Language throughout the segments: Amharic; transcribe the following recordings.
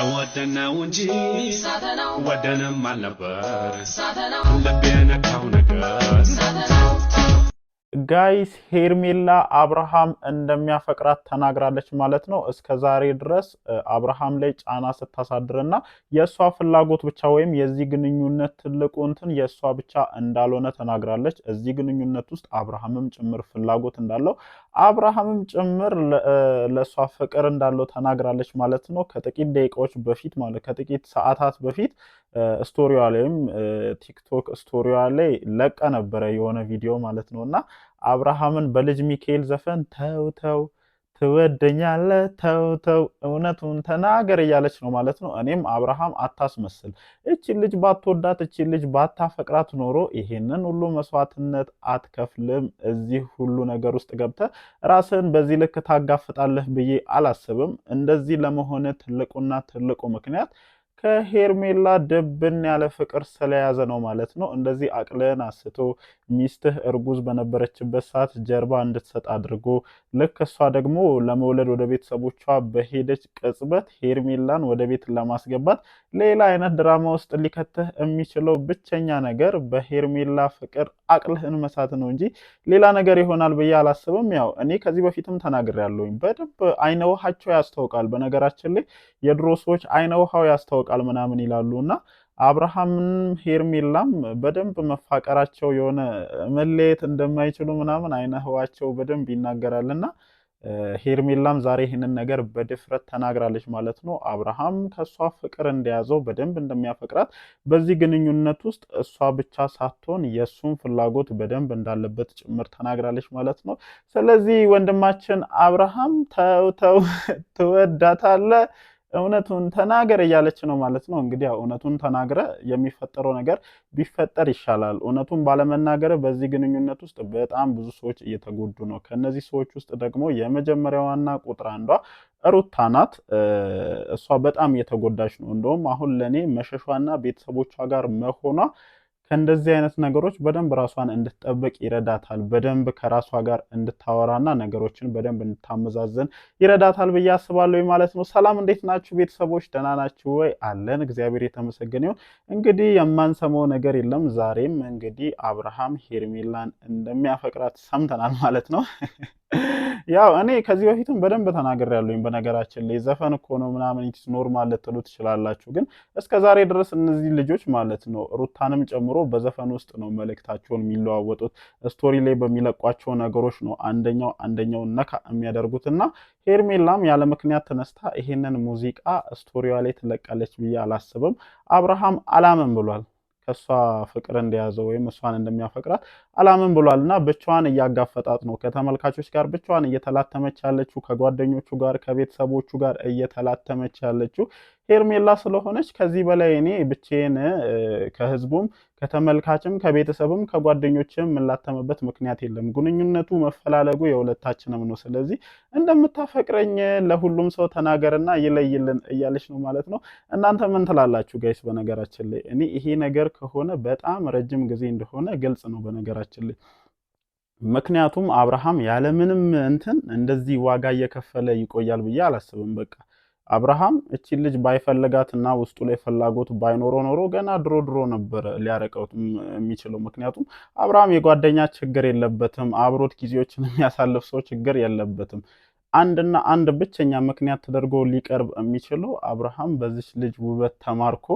ተወደነው እንጂ ወደንም አልነበር ልቤ ነካው ነገር ጋይስ ሄርሜላ አብርሃም እንደሚያፈቅራት ተናግራለች ማለት ነው። እስከ ዛሬ ድረስ አብርሃም ላይ ጫና ስታሳድር ና የእሷ ፍላጎት ብቻ ወይም የዚህ ግንኙነት ትልቁ እንትን የእሷ ብቻ እንዳልሆነ ተናግራለች። እዚህ ግንኙነት ውስጥ አብርሃምም ጭምር ፍላጎት እንዳለው አብርሃምም ጭምር ለእሷ ፍቅር እንዳለው ተናግራለች ማለት ነው። ከጥቂት ደቂቃዎች በፊት ማለት ከጥቂት ሰዓታት በፊት ስቶሪዋ ላይም ቲክቶክ ስቶሪዋ ላይ ለቀ ነበረ የሆነ ቪዲዮ ማለት ነው እና አብርሃምን በልጅ ሚካኤል ዘፈን ተው ተው ተውተው ተው ተው እውነቱን ተናገር እያለች ነው ማለት ነው። እኔም አብርሃም አታስመስል፣ እቺ ልጅ ባትወዳት፣ እቺ ልጅ ባታፈቅራት ኖሮ ይሄንን ሁሉ መስዋዕትነት አትከፍልም። እዚህ ሁሉ ነገር ውስጥ ገብተ ራስን በዚህ ልክ ታጋፍጣለህ ብዬ አላስብም። እንደዚህ ለመሆን ትልቁና ትልቁ ምክንያት ከሄርሜላ ድብን ያለ ፍቅር ስለያዘ ነው ማለት ነው። እንደዚህ አቅልን አስቶ ሚስትህ እርጉዝ በነበረችበት ሰዓት ጀርባ እንድትሰጥ አድርጎ ልክ እሷ ደግሞ ለመውለድ ወደ ቤተሰቦቿ በሄደች ቅጽበት ሄርሜላን ወደ ቤት ለማስገባት ሌላ አይነት ድራማ ውስጥ ሊከትህ የሚችለው ብቸኛ ነገር በሄርሜላ ፍቅር አቅልህን መሳት ነው እንጂ ሌላ ነገር ይሆናል ብዬ አላስብም። ያው እኔ ከዚህ በፊትም ተናግሬያለሁኝ። በደንብ አይነ ውሃቸው ያስታውቃል። በነገራችን ላይ የድሮ ሰዎች አይነ ውሃው ያስታውቃል ምናምን ይላሉ እና አብርሃምንም ሄርሜላም በደንብ መፋቀራቸው የሆነ መለየት እንደማይችሉ ምናምን አይነ ህዋቸው በደንብ እና ሄርሜላም ዛሬ ይህንን ነገር በድፍረት ተናግራለች ማለት ነው። አብርሃም ከእሷ ፍቅር እንደያዘው በደንብ እንደሚያፈቅራት በዚህ ግንኙነት ውስጥ እሷ ብቻ ሳትሆን የእሱን ፍላጎት በደንብ እንዳለበት ጭምር ተናግራለች ማለት ነው። ስለዚህ ወንድማችን አብርሃም ተው ተው ትወዳታለህ እውነቱን ተናገር እያለች ነው ማለት ነው። እንግዲህ እውነቱን ተናግረ የሚፈጠረው ነገር ቢፈጠር ይሻላል። እውነቱን ባለመናገር በዚህ ግንኙነት ውስጥ በጣም ብዙ ሰዎች እየተጎዱ ነው። ከነዚህ ሰዎች ውስጥ ደግሞ የመጀመሪያዋና ቁጥር አንዷ ሩታ ናት። እሷ በጣም እየተጎዳች ነው። እንደውም አሁን ለእኔ መሸሿና ቤተሰቦቿ ጋር መሆኗ ከእንደዚህ አይነት ነገሮች በደንብ ራሷን እንድትጠብቅ ይረዳታል። በደንብ ከራሷ ጋር እንድታወራና ነገሮችን በደንብ እንድታመዛዘን ይረዳታል ብዬ አስባለሁ ማለት ነው። ሰላም፣ እንዴት ናችሁ ቤተሰቦች? ደህና ናችሁ ወይ? አለን እግዚአብሔር የተመሰገነ ይሁን። እንግዲህ የማንሰማው ነገር የለም። ዛሬም እንግዲህ አብርሃም ሄርሜላን እንደሚያፈቅራት ሰምተናል ማለት ነው። ያው እኔ ከዚህ በፊትም በደንብ ተናገር ያለኝ በነገራችን ላይ ዘፈን እኮ ነው ምናምን ኢትስ ኖርማል ልትሉ ትችላላችሁ። ግን እስከ ዛሬ ድረስ እነዚህ ልጆች ማለት ነው ሩታንም ጨምሮ በዘፈን ውስጥ ነው መልእክታቸውን የሚለዋወጡት። ስቶሪ ላይ በሚለቋቸው ነገሮች ነው አንደኛው አንደኛው ነካ የሚያደርጉት እና ሄርሜላም ያለ ምክንያት ተነስታ ይሄንን ሙዚቃ ስቶሪዋ ላይ ትለቃለች ብዬ አላስብም። አብርሃም አላምን ብሏል። ከእሷ ፍቅር እንደያዘው ወይም እሷን እንደሚያፈቅራት አላምን ብሏል እና ብቻዋን እያጋፈጣት ነው። ከተመልካቾች ጋር ብቻዋን እየተላተመች ያለችው፣ ከጓደኞቹ ጋር ከቤተሰቦቹ ጋር እየተላተመች ያለችው ሄርሜላ ስለሆነች ከዚህ በላይ እኔ ብቼን ከህዝቡም ከተመልካችም ከቤተሰብም ከጓደኞችም የምላተምበት ምክንያት የለም። ግንኙነቱ መፈላለጉ የሁለታችንም ነው። ስለዚህ እንደምታፈቅረኝ ለሁሉም ሰው ተናገርና ይለይልን እያለች ነው ማለት ነው። እናንተ ምን ትላላችሁ ጋይስ? በነገራችን ላይ እኔ ይሄ ነገር ከሆነ በጣም ረጅም ጊዜ እንደሆነ ግልጽ ነው በነገራችን ላይ ምክንያቱም አብርሃም ያለምንም እንትን እንደዚህ ዋጋ እየከፈለ ይቆያል ብዬ አላስብም። በቃ አብርሃም እቺ ልጅ ባይፈልጋትና ውስጡ ላይ ፍላጎት ባይኖሮ ኖሮ ገና ድሮ ድሮ ነበር ሊያረቀው የሚችለው። ምክንያቱም አብርሃም የጓደኛ ችግር የለበትም። አብሮት ጊዜዎችን የሚያሳልፍ ሰው ችግር የለበትም። አንድና አንድ ብቸኛ ምክንያት ተደርጎ ሊቀርብ የሚችለው አብርሃም በዚች ልጅ ውበት ተማርኮ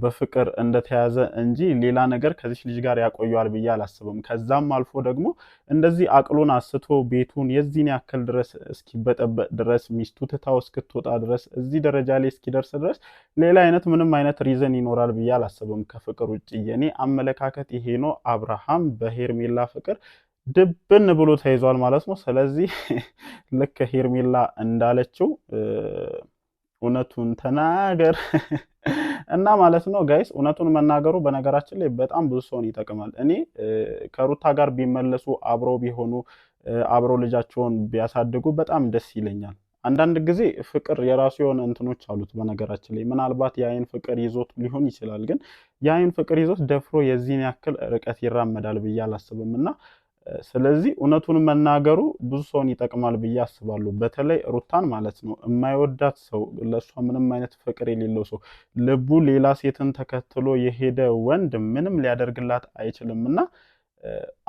በፍቅር እንደተያዘ እንጂ ሌላ ነገር ከዚች ልጅ ጋር ያቆየዋል ብዬ አላስብም። ከዛም አልፎ ደግሞ እንደዚህ አቅሉን አስቶ ቤቱን የዚህን ያክል ድረስ እስኪበጠበጥ ድረስ ሚስቱ ትታው እስክትወጣ ድረስ እዚህ ደረጃ ላይ እስኪደርስ ድረስ ሌላ አይነት ምንም አይነት ሪዘን ይኖራል ብዬ አላስብም። ከፍቅር ውጭ የኔ አመለካከት ይሄ ነው። አብርሃም በሄርሜላ ፍቅር ድብን ብሎ ተይዟል ማለት ነው። ስለዚህ ልክ ሄርሜላ እንዳለችው እውነቱን ተናገር እና ማለት ነው ጋይስ እውነቱን መናገሩ በነገራችን ላይ በጣም ብዙ ሰውን ይጠቅማል። እኔ ከሩታ ጋር ቢመለሱ አብሮ ቢሆኑ አብሮ ልጃቸውን ቢያሳድጉ በጣም ደስ ይለኛል። አንዳንድ ጊዜ ፍቅር የራሱ የሆነ እንትኖች አሉት። በነገራችን ላይ ምናልባት የአይን ፍቅር ይዞት ሊሆን ይችላል፣ ግን የአይን ፍቅር ይዞት ደፍሮ የዚህን ያክል ርቀት ይራመዳል ብዬ አላስብም እና ስለዚህ እውነቱን መናገሩ ብዙ ሰውን ይጠቅማል ብዬ አስባለሁ። በተለይ ሩታን ማለት ነው። የማይወዳት ሰው፣ ለእሷ ምንም አይነት ፍቅር የሌለው ሰው፣ ልቡ ሌላ ሴትን ተከትሎ የሄደ ወንድ ምንም ሊያደርግላት አይችልም እና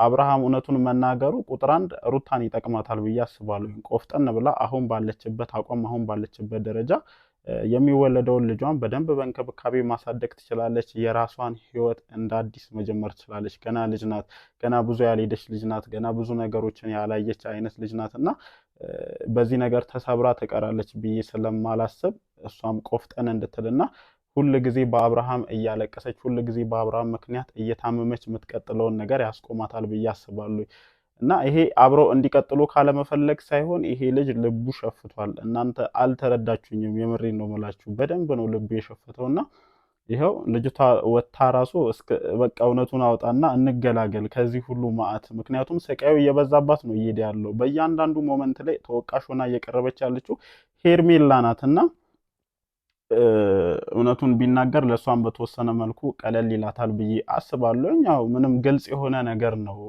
አብርሃም እውነቱን መናገሩ ቁጥር አንድ ሩታን ይጠቅማታል ብዬ አስባለሁ። ቆፍጠን ብላ አሁን ባለችበት አቋም፣ አሁን ባለችበት ደረጃ የሚወለደውን ልጇን በደንብ በእንክብካቤ ማሳደግ ትችላለች። የራሷን ህይወት እንደ አዲስ መጀመር ትችላለች። ገና ልጅ ናት። ገና ብዙ ያልሄደች ልጅ ናት። ገና ብዙ ነገሮችን ያላየች አይነት ልጅ ናት እና በዚህ ነገር ተሰብራ ትቀራለች ብዬ ስለማላስብ እሷም ቆፍጠን እንድትልና ሁል ጊዜ በአብርሃም እያለቀሰች ሁል ጊዜ በአብርሃም ምክንያት እየታመመች የምትቀጥለውን ነገር ያስቆማታል ብዬ አስባለሁ። እና ይሄ አብረው እንዲቀጥሉ ካለመፈለግ ሳይሆን ይሄ ልጅ ልቡ ሸፍቷል። እናንተ አልተረዳችሁኝም። የምሬ ነው የምላችሁ። በደንብ ነው ልቡ የሸፍተው እና ይኸው ልጅቷ ወታ ራሱ በቃ እውነቱን አውጣና እንገላገል ከዚህ ሁሉ መዓት። ምክንያቱም ሰቃዩ እየበዛባት ነው እየሄደ ያለው። በእያንዳንዱ ሞመንት ላይ ተወቃሽ ሆና እየቀረበች ያለችው ሄርሜላ ናት እና እውነቱን ቢናገር ለእሷን በተወሰነ መልኩ ቀለል ይላታል ብዬ አስባለሁ። ያው ምንም ግልጽ የሆነ ነገር ነው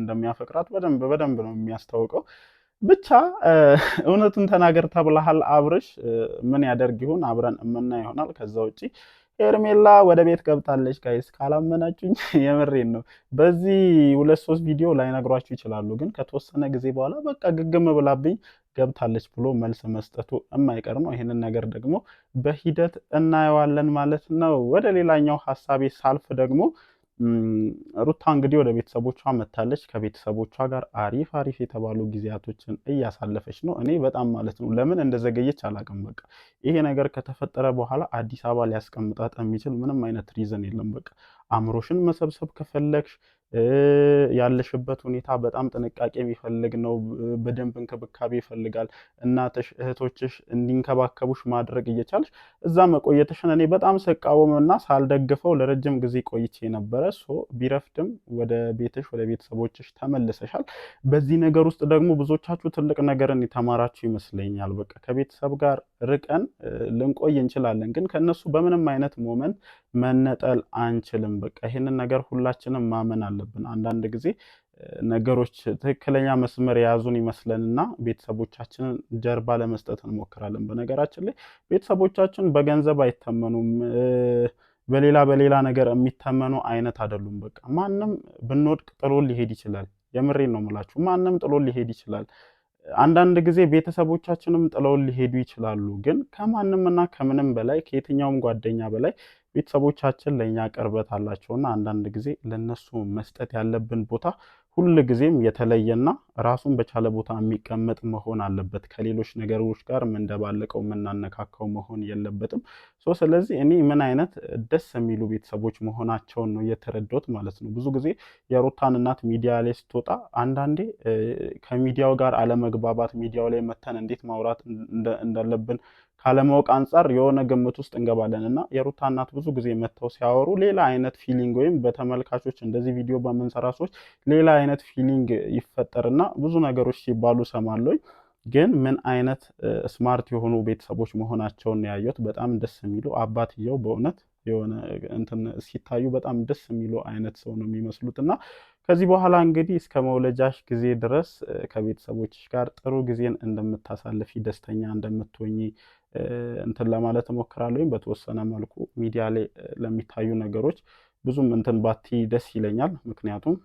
እንደሚያፈቅራት በደንብ በደንብ ነው የሚያስታውቀው። ብቻ እውነቱን ተናገር ተብለሃል አብርሽ። ምን ያደርግ ይሁን አብረን እምና ይሆናል። ከዛ ውጪ ሄርሜላ ወደ ቤት ገብታለች። ጋይስ ካላመናችሁኝ የምሬን ነው። በዚህ ሁለት ሶስት ቪዲዮ ላይነግሯችሁ ይችላሉ፣ ግን ከተወሰነ ጊዜ በኋላ በቃ ግግም ብላብኝ ገብታለች ብሎ መልስ መስጠቱ የማይቀር ነው። ይህንን ነገር ደግሞ በሂደት እናየዋለን ማለት ነው። ወደ ሌላኛው ሀሳቤ ሳልፍ ደግሞ ሩታ እንግዲህ ወደ ቤተሰቦቿ መታለች። ከቤተሰቦቿ ጋር አሪፍ አሪፍ የተባሉ ጊዜያቶችን እያሳለፈች ነው። እኔ በጣም ማለት ነው ለምን እንደዘገየች አላውቅም። በቃ ይሄ ነገር ከተፈጠረ በኋላ አዲስ አበባ ሊያስቀምጣት የሚችል ምንም አይነት ሪዝን የለም። በቃ አእምሮሽን መሰብሰብ ከፈለግሽ ያለሽበት ሁኔታ በጣም ጥንቃቄ የሚፈልግ ነው። በደንብ እንክብካቤ ይፈልጋል። እናትሽ፣ እህቶችሽ እንዲንከባከቡሽ ማድረግ እየቻልሽ እዛ መቆየትሽን እኔ በጣም ስቃወም እና ሳልደግፈው ለረጅም ጊዜ ቆይቼ ነበረ። ሶ ቢረፍድም ወደ ቤትሽ ወደ ቤተሰቦችሽ ተመልሰሻል። በዚህ ነገር ውስጥ ደግሞ ብዙዎቻችሁ ትልቅ ነገርን የተማራችሁ ይመስለኛል። በቃ ከቤተሰብ ጋር ርቀን ልንቆይ እንችላለን፣ ግን ከእነሱ በምንም አይነት ሞመንት መነጠል አንችልም። በቃ ይህንን ነገር ሁላችንም ማመን አለብን። አንዳንድ ጊዜ ነገሮች ትክክለኛ መስመር የያዙን ይመስለንና ቤተሰቦቻችንን ጀርባ ለመስጠት እንሞክራለን። በነገራችን ላይ ቤተሰቦቻችን በገንዘብ አይተመኑም። በሌላ በሌላ ነገር የሚተመኑ አይነት አይደሉም። በቃ ማንም ብንወድቅ ጥሎ ሊሄድ ይችላል። የምሬን ነው የምላችሁ። ማንም ጥሎ ሊሄድ ይችላል። አንዳንድ ጊዜ ቤተሰቦቻችንም ጥለውን ሊሄዱ ይችላሉ። ግን ከማንም እና ከምንም በላይ ከየትኛውም ጓደኛ በላይ ቤተሰቦቻችን ለእኛ ቅርበት አላቸውና አንዳንድ ጊዜ ለነሱ መስጠት ያለብን ቦታ ሁል ጊዜም የተለየና ራሱን በቻለ ቦታ የሚቀመጥ መሆን አለበት። ከሌሎች ነገሮች ጋር የምንደባለቀው የምናነካካው መሆን የለበትም። ሶ ስለዚህ እኔ ምን አይነት ደስ የሚሉ ቤተሰቦች መሆናቸውን ነው የተረዳሁት ማለት ነው። ብዙ ጊዜ የሩታን እናት ሚዲያ ላይ ስትወጣ አንዳንዴ ከሚዲያው ጋር አለመግባባት፣ ሚዲያው ላይ መተን እንዴት ማውራት እንዳለብን ካለማወቅ አንጻር የሆነ ግምት ውስጥ እንገባለን እና የሩታ እናት ብዙ ጊዜ መጥተው ሲያወሩ ሌላ አይነት ፊሊንግ ወይም በተመልካቾች እንደዚህ ቪዲዮ በምንሰራ ሰዎች ሌላ አይነት ፊሊንግ ይፈጠርና ብዙ ነገሮች ሲባሉ ሰማለኝ። ግን ምን አይነት ስማርት የሆኑ ቤተሰቦች መሆናቸውን ያየሁት በጣም ደስ የሚሉ አባትየው በእውነት የሆነ እንትን ሲታዩ በጣም ደስ የሚሉ አይነት ሰው ነው የሚመስሉት እና ከዚህ በኋላ እንግዲህ እስከ መውለጃሽ ጊዜ ድረስ ከቤተሰቦች ጋር ጥሩ ጊዜን እንደምታሳልፊ ደስተኛ እንደምትሆኚ እንትን ለማለት እሞክራለሁ። በተወሰነ መልኩ ሚዲያ ላይ ለሚታዩ ነገሮች ብዙም እንትን ባቲ ደስ ይለኛል። ምክንያቱም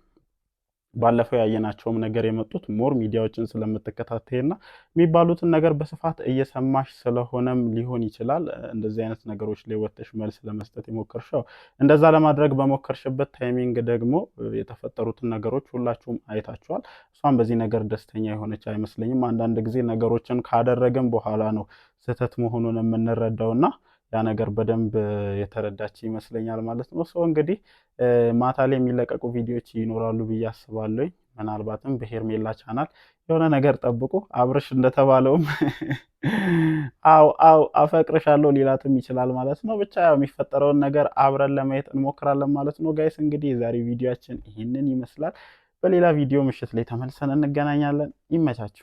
ባለፈው ያየናቸውም ነገር የመጡት ሞር ሚዲያዎችን ስለምትከታተይና የሚባሉትን ነገር በስፋት እየሰማሽ ስለሆነም ሊሆን ይችላል እንደዚህ አይነት ነገሮች ላይ ወጥተሽ መልስ ለመስጠት የሞከርሽው። እንደዛ ለማድረግ በሞከርሽበት ታይሚንግ ደግሞ የተፈጠሩትን ነገሮች ሁላችሁም አይታችኋል። እሷም በዚህ ነገር ደስተኛ የሆነች አይመስለኝም። አንዳንድ ጊዜ ነገሮችን ካደረግን በኋላ ነው ስህተት መሆኑን የምንረዳውና ያ ነገር በደንብ የተረዳች ይመስለኛል ማለት ነው። ሰው እንግዲህ ማታ ላይ የሚለቀቁ ቪዲዮዎች ይኖራሉ ብዬ አስባለኝ። ምናልባትም በሄርሜላ ቻናል የሆነ ነገር ጠብቁ። አብርሽ እንደተባለውም አው አው አፈቅርሻለሁ ሊላትም ይችላል ማለት ነው። ብቻ ያው የሚፈጠረውን ነገር አብረን ለማየት እንሞክራለን ማለት ነው። ጋይስ እንግዲህ የዛሬ ቪዲዮችን ይህንን ይመስላል። በሌላ ቪዲዮ ምሽት ላይ ተመልሰን እንገናኛለን። ይመቻችሁ።